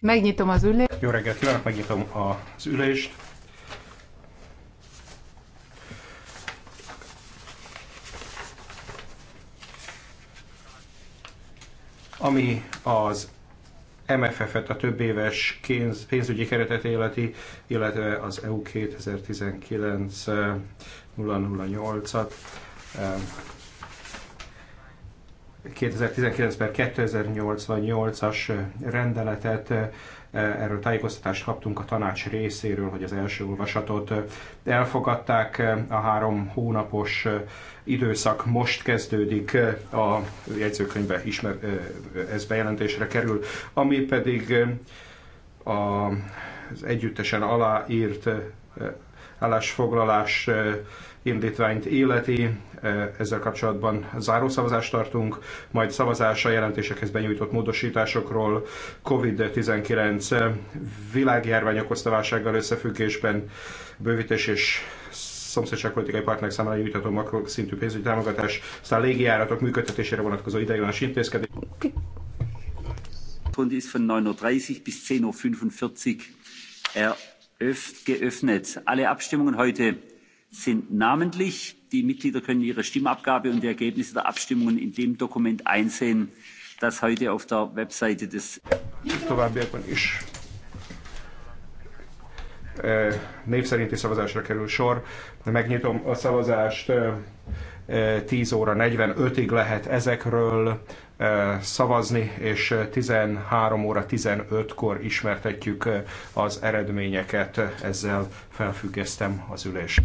Megnyitom az ülést. Jó reggelt kívánok, megnyitom az ülést. Ami az MFF-et, a több éves kénz, pénzügyi keretet életi, illetve az EU 2019 008-at 2019 per 2088-as rendeletet, eh, erről tájékoztatást kaptunk a tanács részéről, hogy az első olvasatot elfogadták. Eh, a három hónapos eh, időszak most kezdődik, a jegyzőkönyvbe ismer, ez bejelentésre kerül, ami pedig az együttesen aláírt állásfoglalás eh, indítványt illeti. Eh, ezzel kapcsolatban zárószavazást tartunk, majd szavazás a jelentésekhez benyújtott módosításokról COVID-19 eh, világjárvány okozta válsággal összefüggésben bővítés és szomszédságpolitikai partnerek számára nyújtató szintű pénzügyi támogatás, aztán légijáratok működtetésére vonatkozó ideiglenes intézkedés. Von ist von 9.30 bis 10.45 Uhr geöffnet. alle abstimmungen heute sind namentlich. die mitglieder können ihre stimmabgabe und die ergebnisse der abstimmungen in dem dokument einsehen das heute auf der webseite des. továbbiakban is név szerinti szavazásra kerül sor. Megnyitom a szavazást, 10 óra 45-ig lehet ezekről szavazni, és 13 óra 15-kor ismertetjük az eredményeket. Ezzel felfüggesztem az ülést.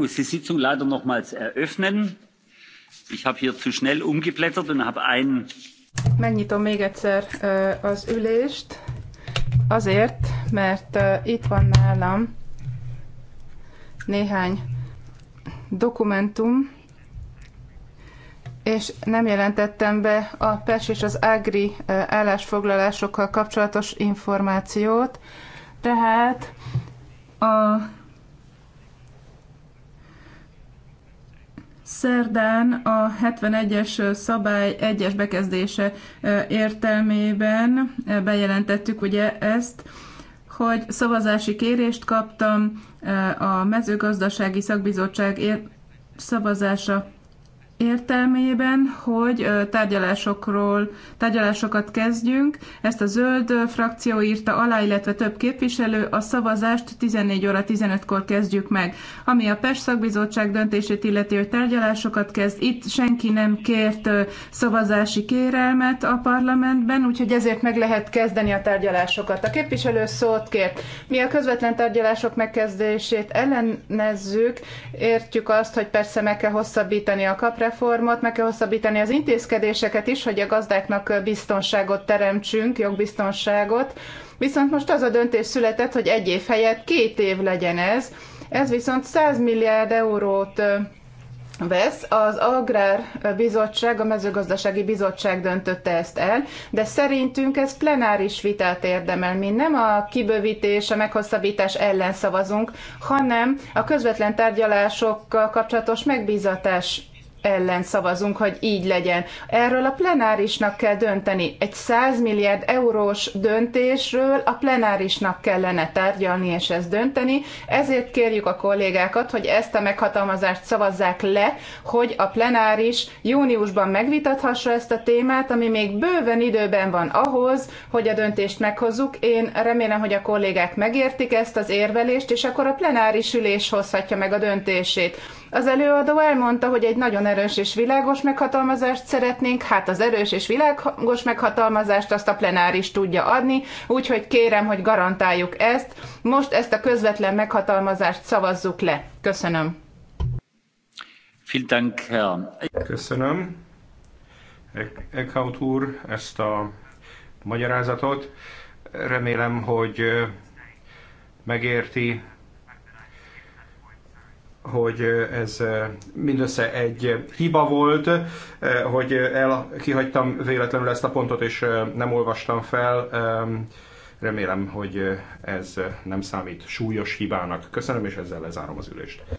muss die sitzung leider nochmals eröffnen. Ich habe hier zu schnell umgeblättert und habe einen. Megnyitom még egyszer az ülést, azért, mert itt van nálam néhány dokumentum, és nem jelentettem be a PES és az AGRI állásfoglalásokkal kapcsolatos információt, tehát a Szerdán a 71-es szabály egyes bekezdése értelmében bejelentettük ugye ezt, hogy szavazási kérést kaptam a mezőgazdasági szakbizottság szavazása értelmében, hogy tárgyalásokról, tárgyalásokat kezdjünk. Ezt a zöld frakció írta alá, illetve több képviselő. A szavazást 14 óra 15-kor kezdjük meg. Ami a PES szakbizottság döntését illeti, hogy tárgyalásokat kezd, itt senki nem kért szavazási kérelmet a parlamentben, úgyhogy ezért meg lehet kezdeni a tárgyalásokat. A képviselő szót kért. Mi a közvetlen tárgyalások megkezdését ellenezzük, értjük azt, hogy persze meg kell hosszabbítani a kapra, reformot, meg kell hosszabbítani az intézkedéseket is, hogy a gazdáknak biztonságot teremtsünk, jogbiztonságot. Viszont most az a döntés született, hogy egy év helyett két év legyen ez. Ez viszont 100 milliárd eurót vesz. Az Agrárbizottság, a mezőgazdasági bizottság döntötte ezt el, de szerintünk ez plenáris vitát érdemel. Mi nem a kibővítés, a meghosszabbítás ellen szavazunk, hanem a közvetlen tárgyalásokkal kapcsolatos megbízatás ellen szavazunk, hogy így legyen. Erről a plenárisnak kell dönteni. Egy 100 milliárd eurós döntésről a plenárisnak kellene tárgyalni és ezt dönteni. Ezért kérjük a kollégákat, hogy ezt a meghatalmazást szavazzák le, hogy a plenáris júniusban megvitathassa ezt a témát, ami még bőven időben van ahhoz, hogy a döntést meghozzuk. Én remélem, hogy a kollégák megértik ezt az érvelést, és akkor a plenáris ülés hozhatja meg a döntését az előadó elmondta, hogy egy nagyon erős és világos meghatalmazást szeretnénk, hát az erős és világos meghatalmazást azt a plenáris tudja adni, úgyhogy kérem, hogy garantáljuk ezt. Most ezt a közvetlen meghatalmazást szavazzuk le. Köszönöm. Köszönöm. Eckhout úr, ezt a magyarázatot. Remélem, hogy megérti hogy ez mindössze egy hiba volt, hogy el, kihagytam véletlenül ezt a pontot, és nem olvastam fel. Remélem, hogy ez nem számít súlyos hibának. Köszönöm, és ezzel lezárom az ülést.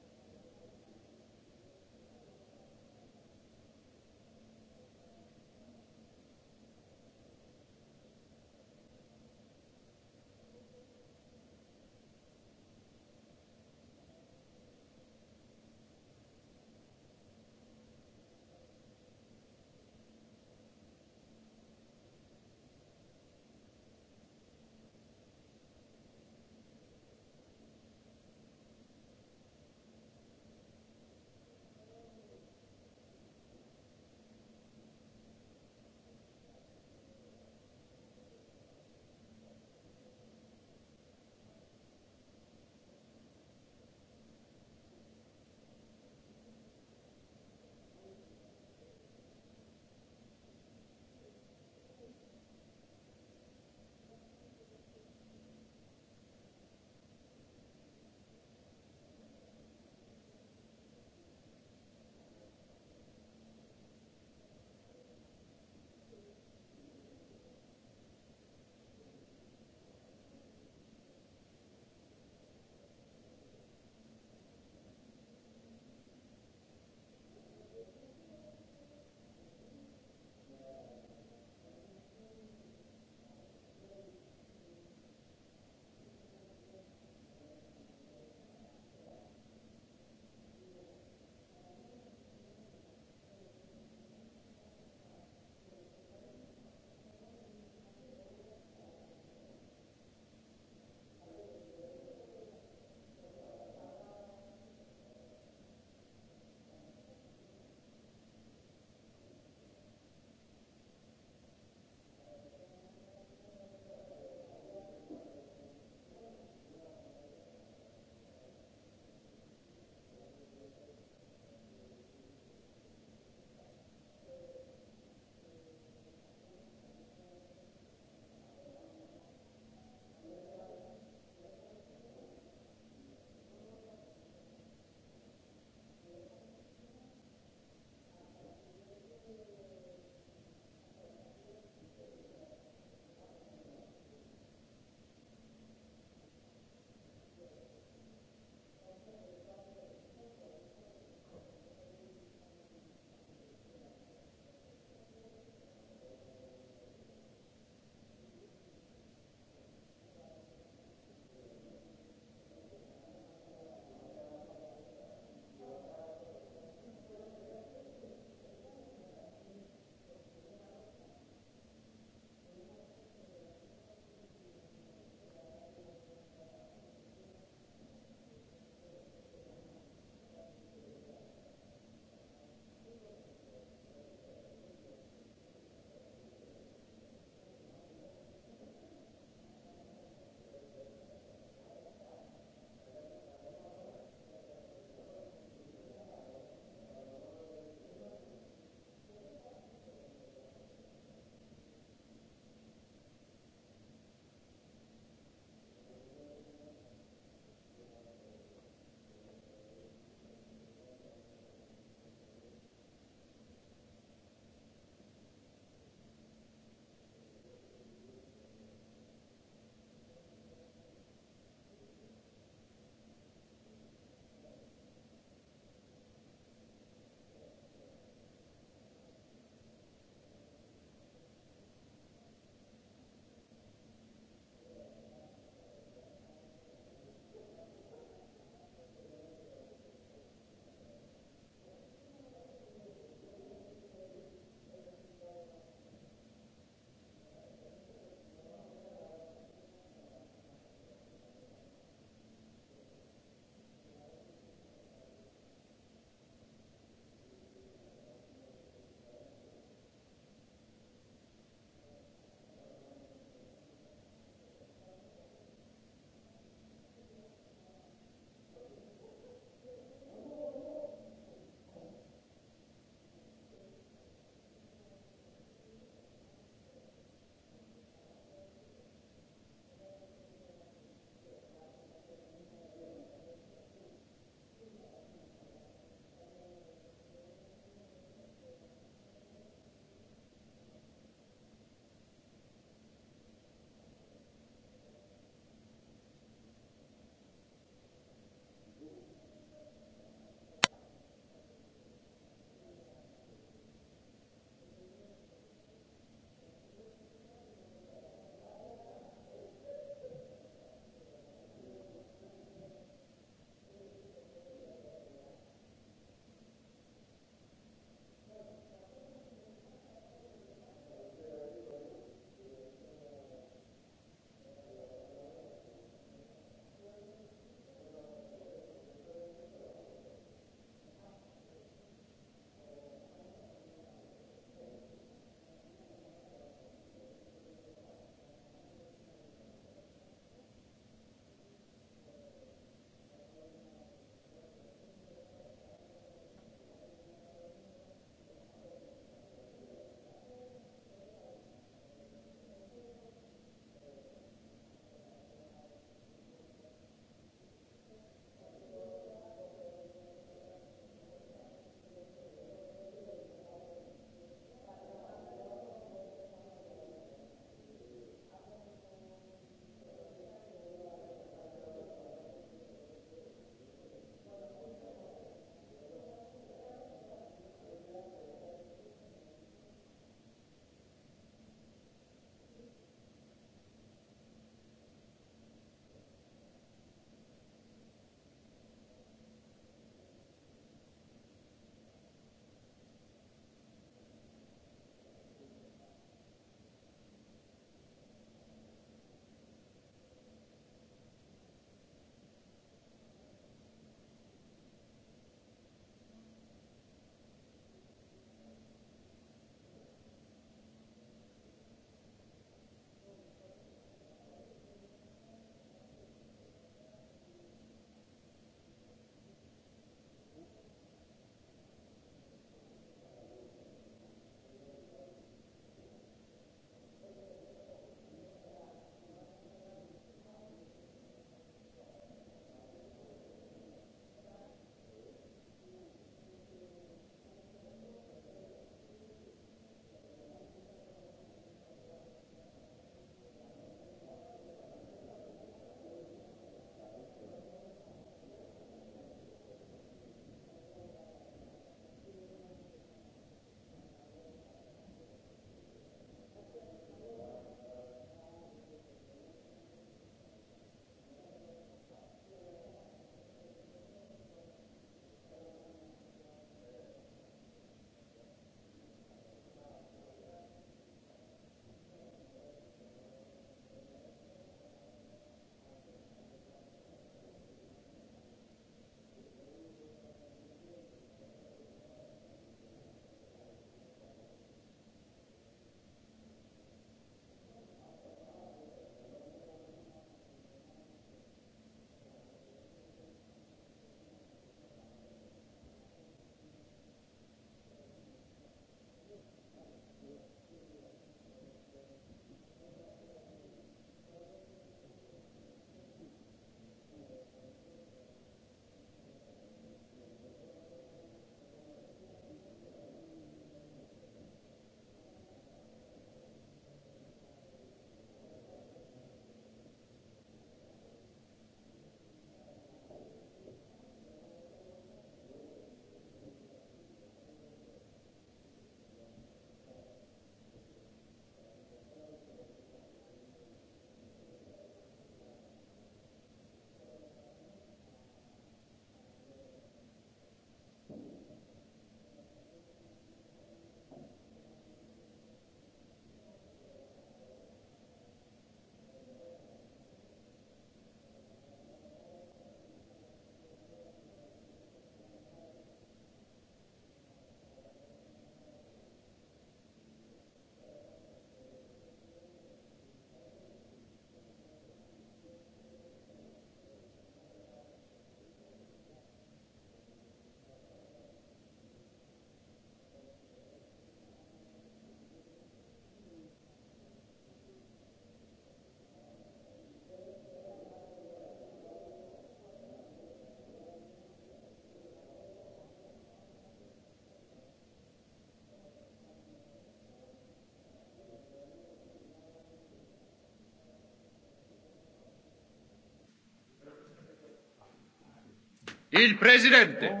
Il presidente.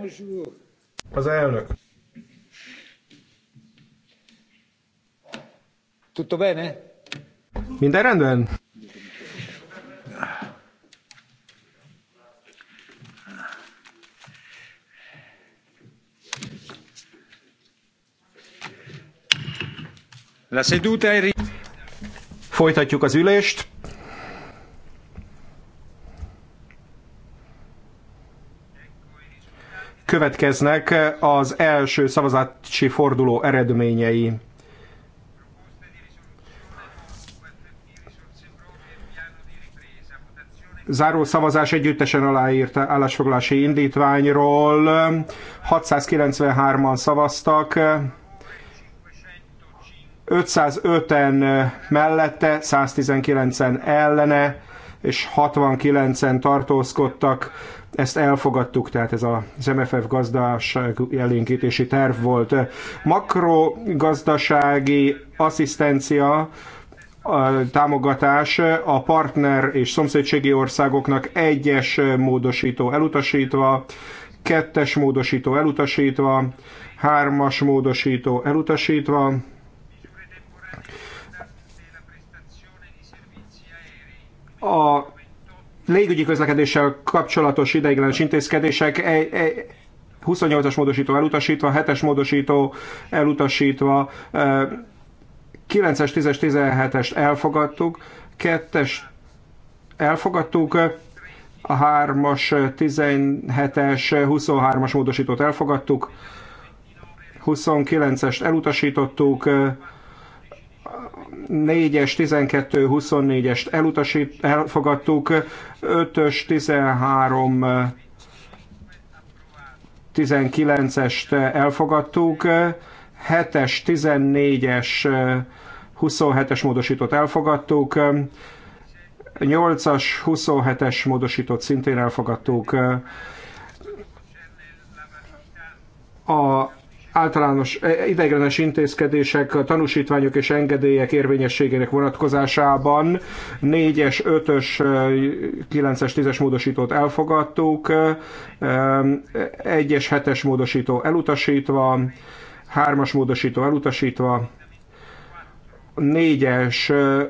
Az elnök. Tutto bene? Minden rendben? La seduta è... Folytatjuk az ülést. következnek az első szavazási forduló eredményei. záró szavazás együttesen aláírt állásfoglalási indítványról. 693-an szavaztak, 505-en mellette, 119-en ellene, és 69-en tartózkodtak. Ezt elfogadtuk, tehát ez az MFF gazdaság jelénkítési terv volt. Makrogazdasági asszisztencia a támogatás a partner és szomszédségi országoknak egyes módosító elutasítva, kettes módosító elutasítva, hármas módosító elutasítva, A légügyi közlekedéssel kapcsolatos ideiglenes intézkedések 28-as e, e, módosító elutasítva, 7-es módosító elutasítva, 9-es, 10-es, 17-est elfogadtuk, 2-es elfogadtuk, a 3-as, 17-es, 23-as módosítót elfogadtuk, 29-est elutasítottuk, 4-es, 12, 24-est elutasít, elfogadtuk, 5-ös, 13, 19-est elfogadtuk, 7-es, 14-es, 27-es módosítót elfogadtuk, 8-as, 27-es módosítót szintén elfogadtuk. A általános e, ideiglenes intézkedések, tanúsítványok és engedélyek érvényességének vonatkozásában 4-es, 5-ös, 9-es, 10-es módosítót elfogadtuk, 1-es, e, e, 7-es módosító elutasítva, 3-as módosító elutasítva, 4-es,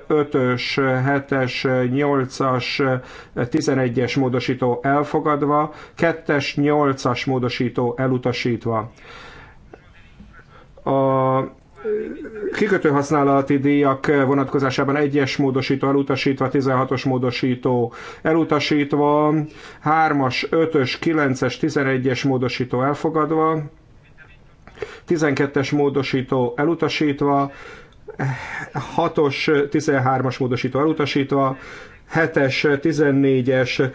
5-ös, 7-es, 8-as, 11-es módosító elfogadva, 2-es, 8-as módosító elutasítva. A kikötőhasználati díjak vonatkozásában egyes módosító elutasítva, 16-os módosító elutasítva, 3-as, 5-ös, 9-es, 11-es módosító elfogadva, 12-es módosító elutasítva, 6-os, 13-as módosító elutasítva, 7-es, 14-es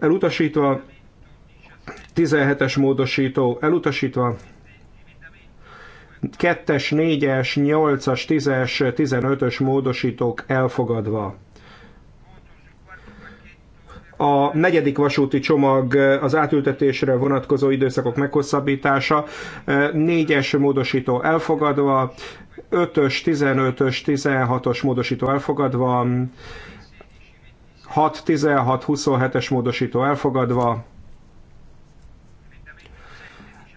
elutasítva, 17-es módosító elutasítva, 2-es, 4-es, 8-as, 10-es, 15-ös módosítók elfogadva. A negyedik vasúti csomag az átültetésre vonatkozó időszakok meghosszabbítása, 4-es módosító elfogadva, 5-ös, 15-ös, 16-os módosító elfogadva, 6, 16, 27-es módosító elfogadva,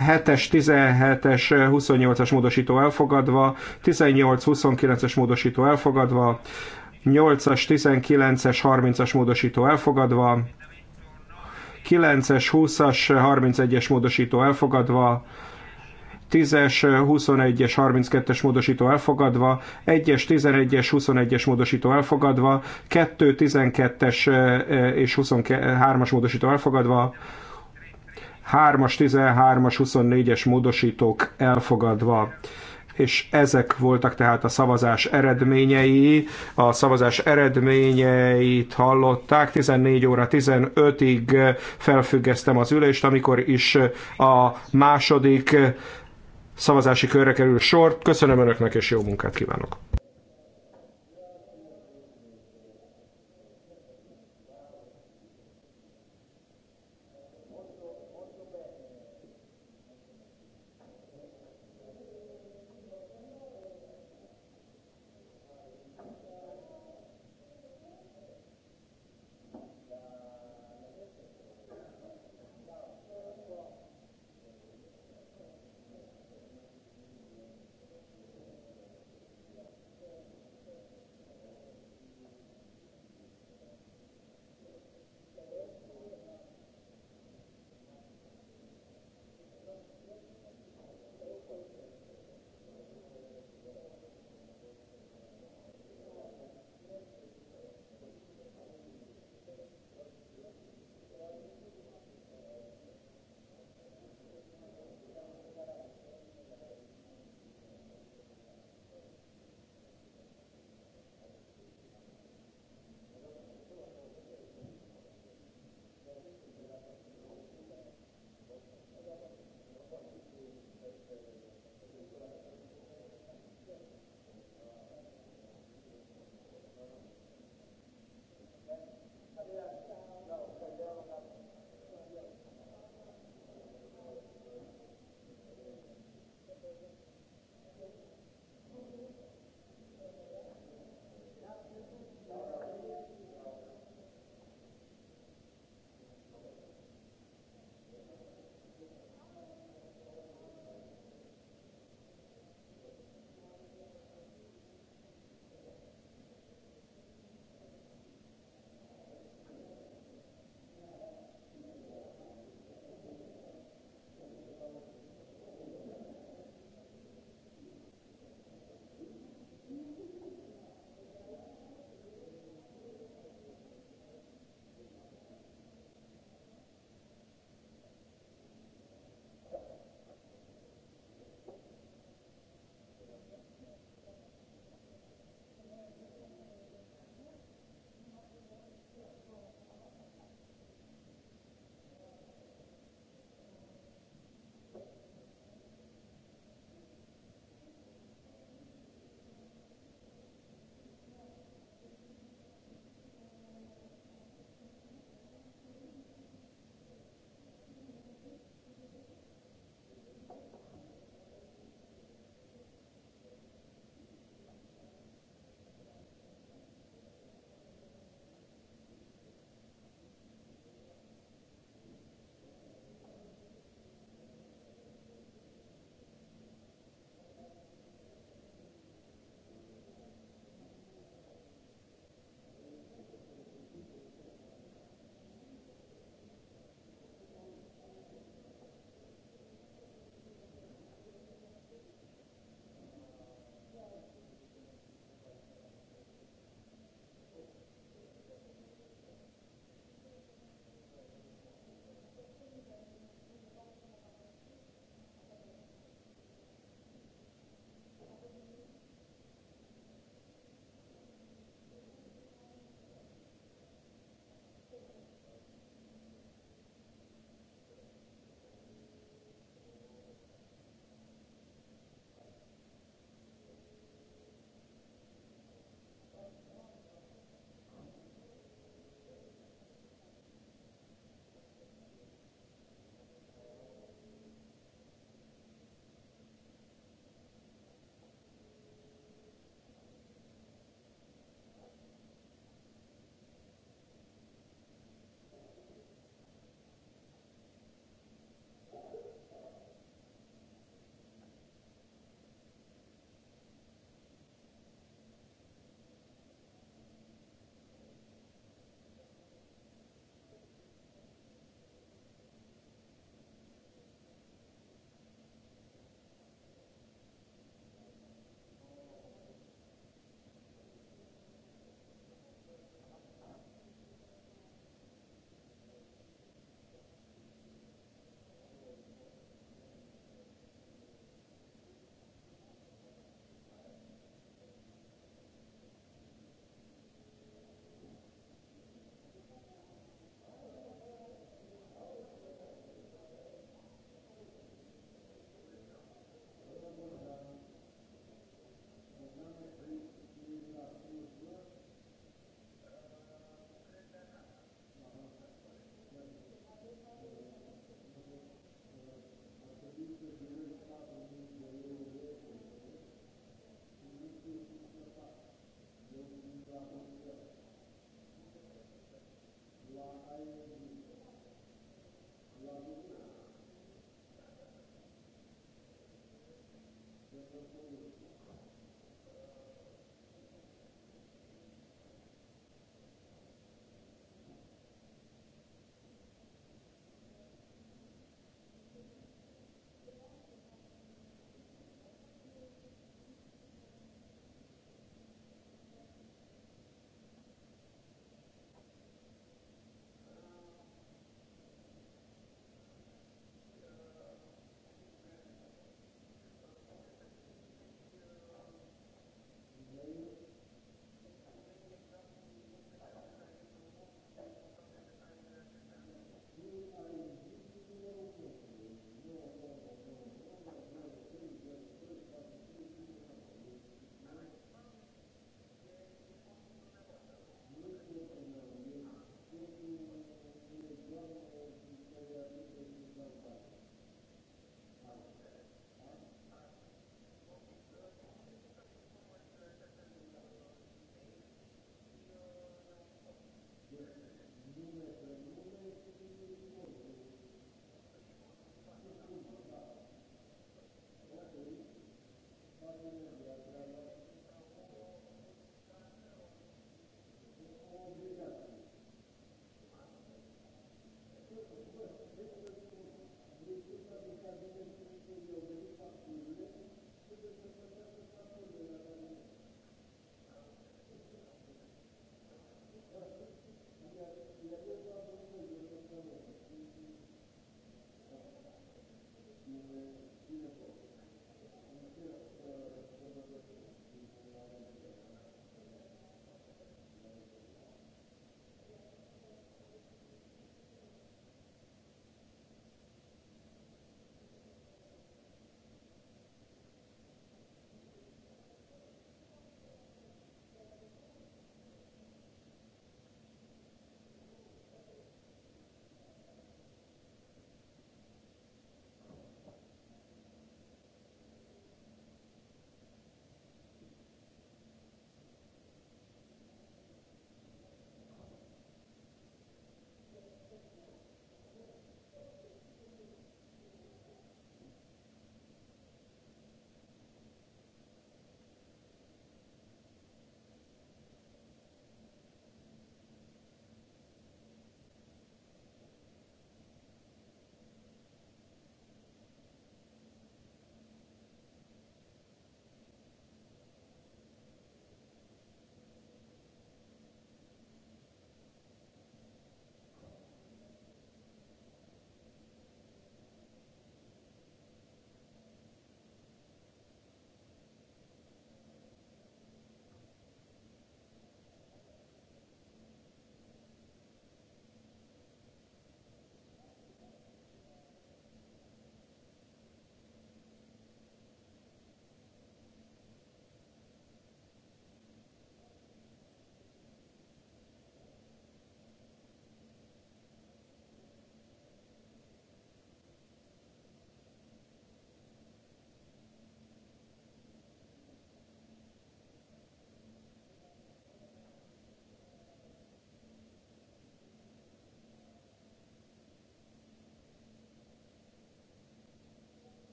7-es, 17-es, 28-as módosító elfogadva, 18-29-es módosító elfogadva, 8-as, 19-es, 30-as módosító elfogadva, 9-es, 20-as, 31-es módosító elfogadva, 10-es, 21-es, 32-es módosító elfogadva, 1-es, 11-es, 21-es módosító elfogadva, 2, 12-es és 23-as módosító elfogadva, 3-as, 13-as, 24-es módosítók elfogadva és ezek voltak tehát a szavazás eredményei. A szavazás eredményeit hallották. 14 óra 15-ig felfüggesztem az ülést, amikor is a második szavazási körre kerül sor. Köszönöm Önöknek, és jó munkát kívánok!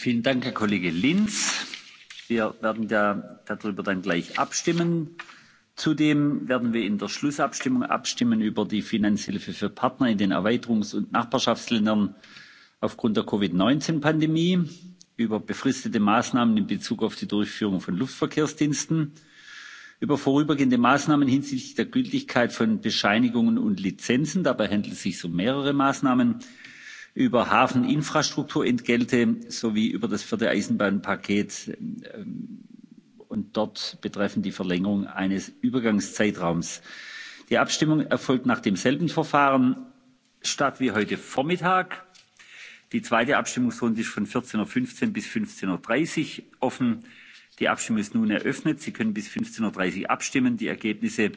Vielen Dank, Herr Kollege Linz. Wir werden da, darüber dann gleich abstimmen. Zudem werden wir in der Schlussabstimmung abstimmen über die Finanzhilfe für Partner in den Erweiterungs- und Nachbarschaftsländern aufgrund der Covid-19-Pandemie, über befristete Maßnahmen in Bezug auf die Durchführung von Luftverkehrsdiensten, über vorübergehende Maßnahmen hinsichtlich der Gültigkeit von Bescheinigungen und Lizenzen. Dabei handelt es sich um mehrere Maßnahmen über hafeninfrastrukturentgelte sowie über das vierte eisenbahnpaket ähm, und dort betreffend die verlängerung eines übergangszeitraums. die abstimmung erfolgt nach demselben verfahren statt wie heute vormittag. die zweite abstimmungsrunde ist von. vierzehn fünfzehn bis. fünfzehn dreißig uhr offen. die abstimmung ist nun eröffnet. sie können bis. fünfzehn dreißig uhr abstimmen. die ergebnisse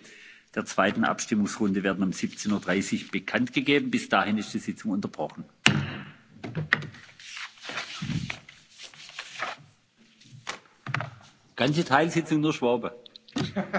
der zweiten abstimmungsrunde werden um. siebzehn dreißig uhr bekanntgegeben. bis dahin ist die sitzung unterbrochen ganze teilsitzung nur schwabe.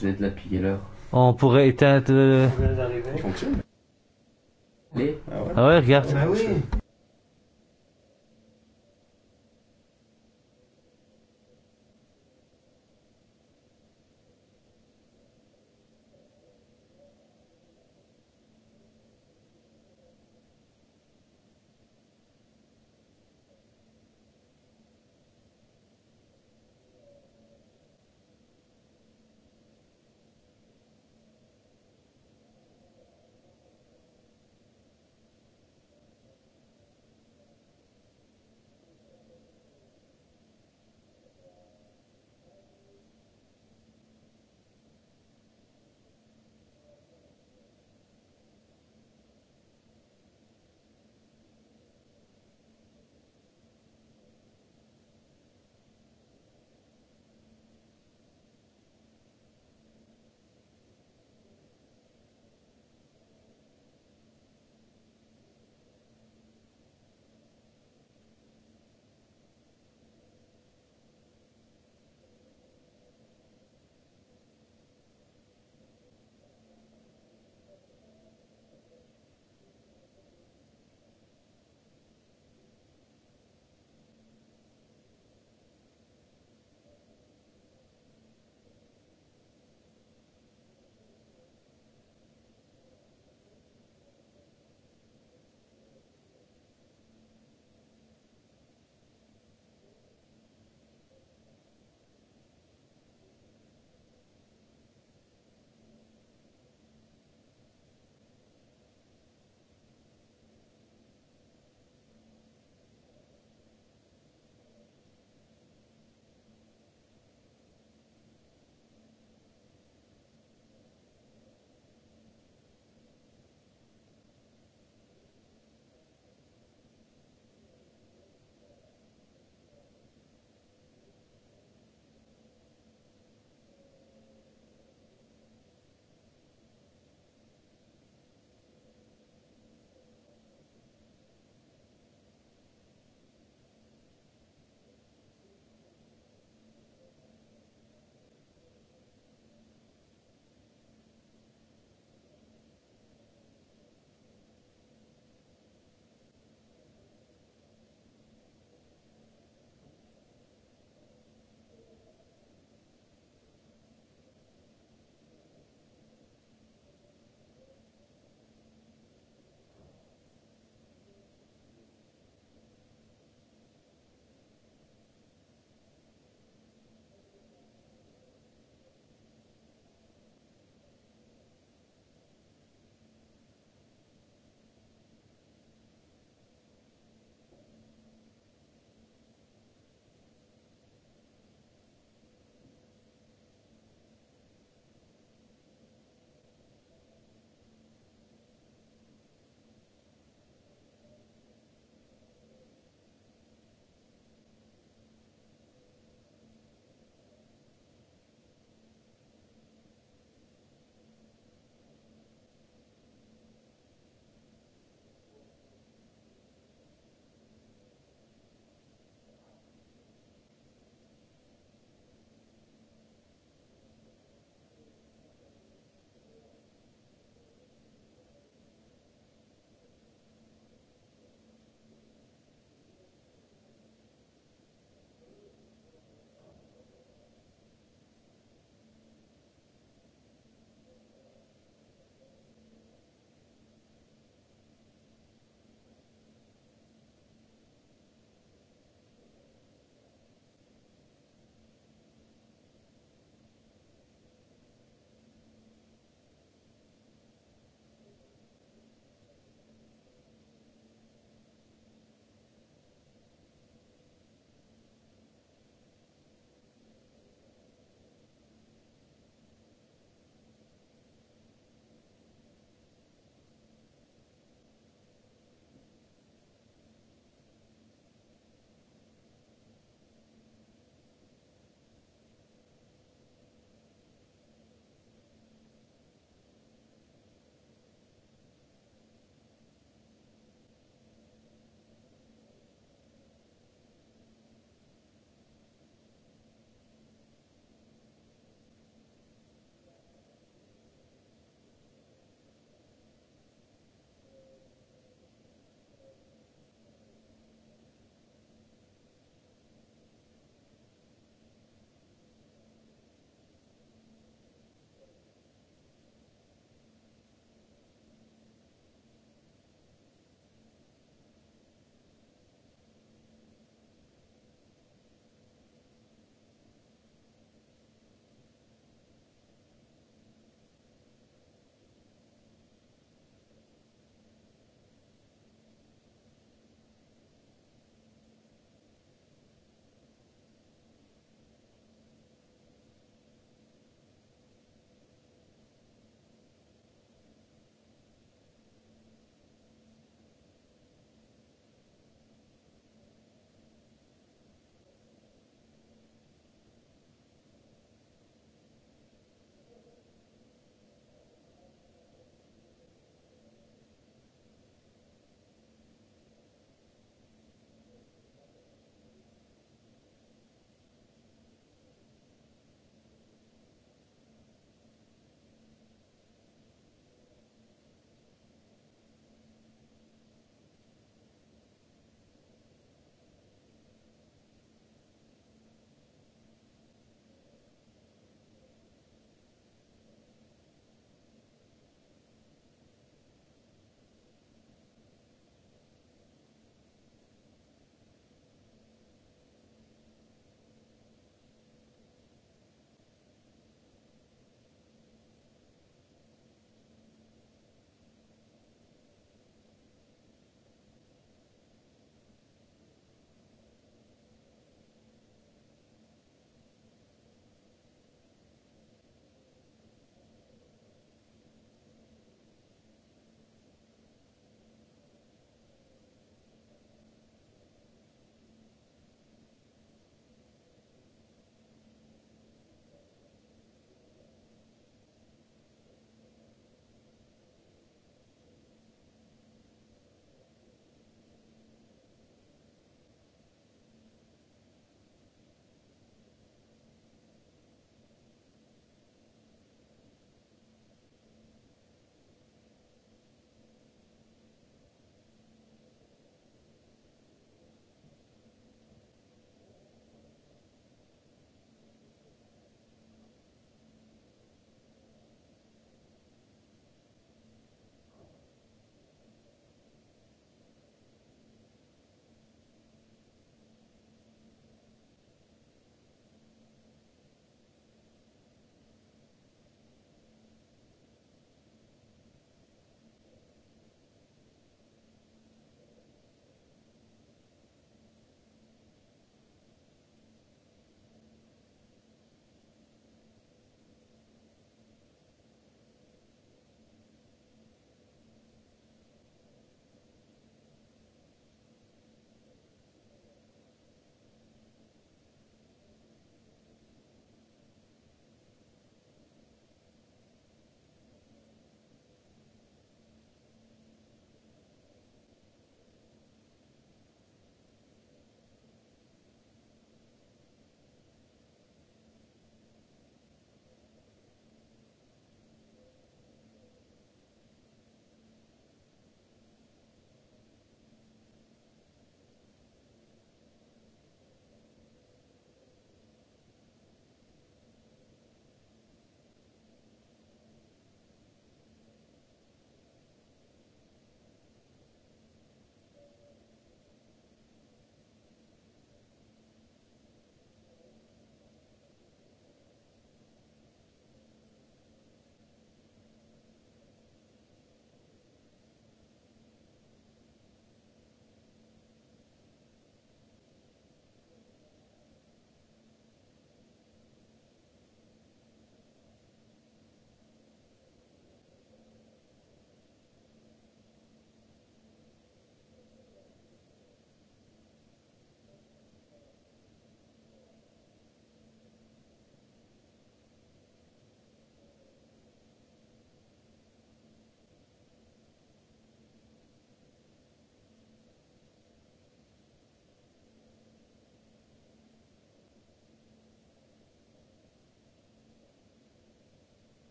faisait de la piller pigalle. On pourrait éteindre. Euh, Il fonctionne. Ah ouais, ah ouais regarde. Ah oui.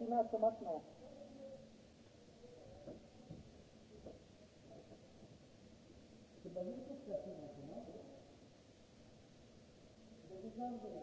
primaire que maintenant. C'est pas du tout ce que c'est maintenant. Je vous en là.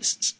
businesses.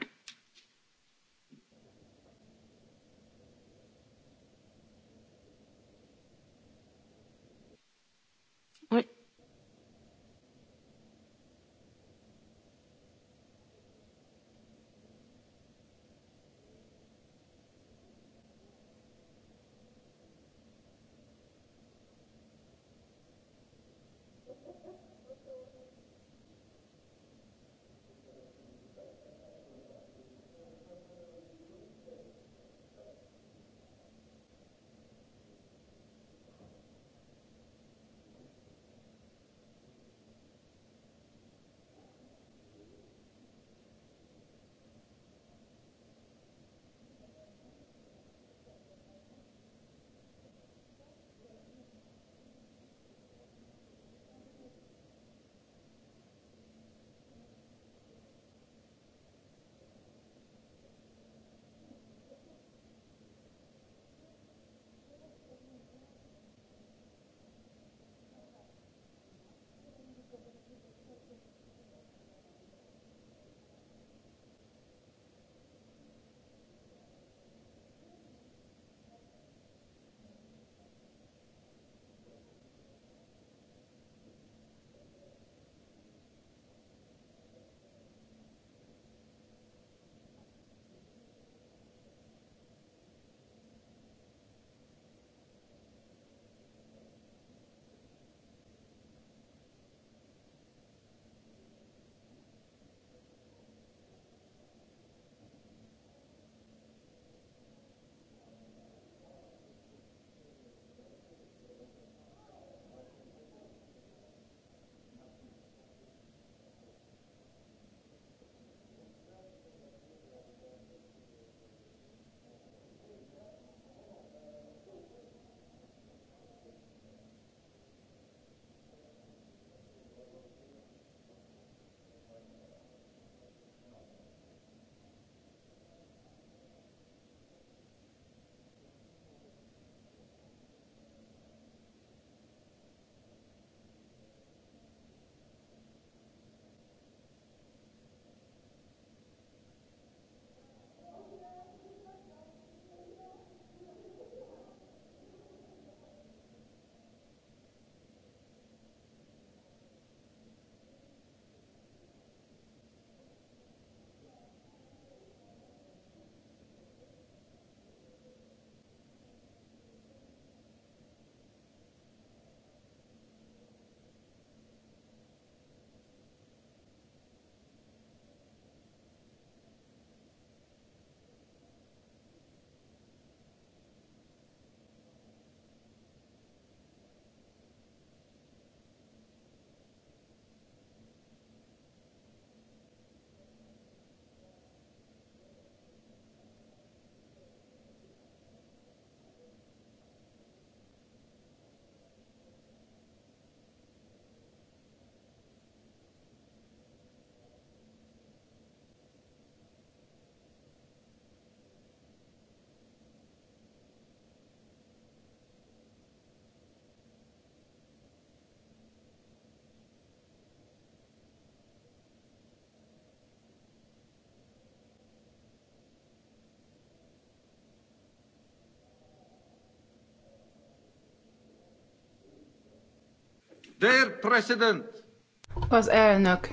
Az elnök.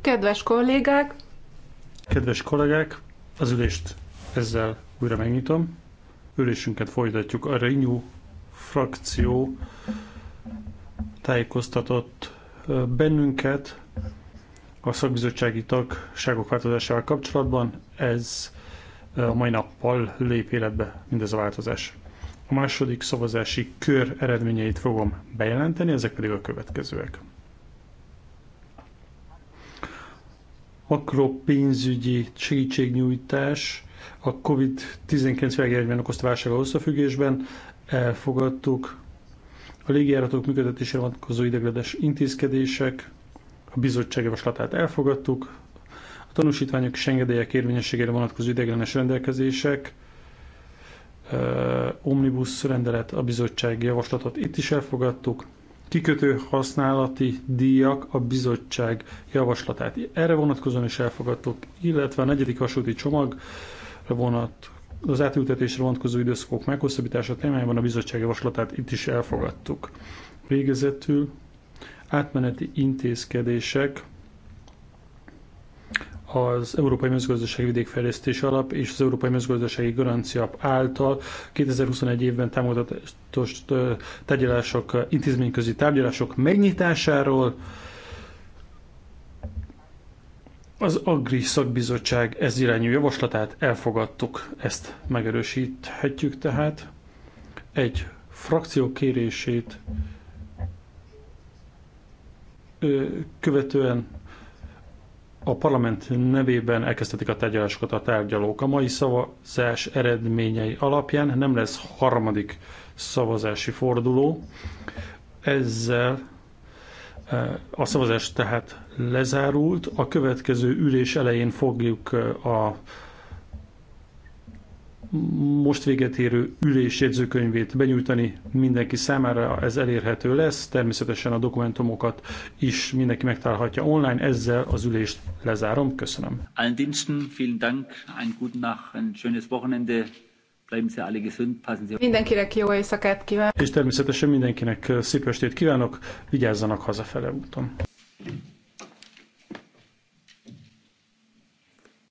Kedves kollégák! Kedves kollégák, az ülést ezzel újra megnyitom. Ülésünket folytatjuk. A Renew frakció tájékoztatott bennünket a szakbizottsági tagságok változásával kapcsolatban. Ez a mai nappal lép életbe mindez a változás. A második szavazási kör eredményeit fogom bejelenteni, ezek pedig a következőek. Makropénzügyi segítségnyújtás a COVID-19 járványban okozta válsága összefüggésben elfogadtuk a légijáratok működtetésére vonatkozó idegledes intézkedések, a bizottság javaslatát elfogadtuk, a tanúsítványok és engedélyek érvényességére vonatkozó ideglenes rendelkezések, omnibus rendelet, a bizottság javaslatot itt is elfogadtuk, kikötő használati díjak a bizottság javaslatát. Erre vonatkozóan is elfogadtuk, illetve a negyedik vasúti csomagra vonat az átültetésre vonatkozó időszakok meghosszabbítása témájában a bizottság javaslatát itt is elfogadtuk. Végezetül átmeneti intézkedések az Európai Mezőgazdasági Vidékfejlesztés Alap és az Európai Mezőgazdasági Garancia által 2021 évben támogatott tárgyalások, intézményközi tárgyalások megnyitásáról, az Agri Szakbizottság ez irányú javaslatát elfogadtuk, ezt megerősíthetjük tehát. Egy frakció kérését követően a parlament nevében elkezdhetik a tárgyalásokat a tárgyalók. A mai szavazás eredményei alapján nem lesz harmadik szavazási forduló. Ezzel a szavazást tehát lezárult. A következő ülés elején fogjuk a most véget érő ülés jegyzőkönyvét benyújtani mindenki számára, ez elérhető lesz, természetesen a dokumentumokat is mindenki megtalálhatja online, ezzel az ülést lezárom, köszönöm. Allen Diensten, vielen Dank, einen guten Nacht, ein schönes Wochenende, bleiben Sie alle gesund, passen Sie Mindenkinek jó éjszakát kívánok. És természetesen mindenkinek szép estét kívánok, vigyázzanak hazafele úton.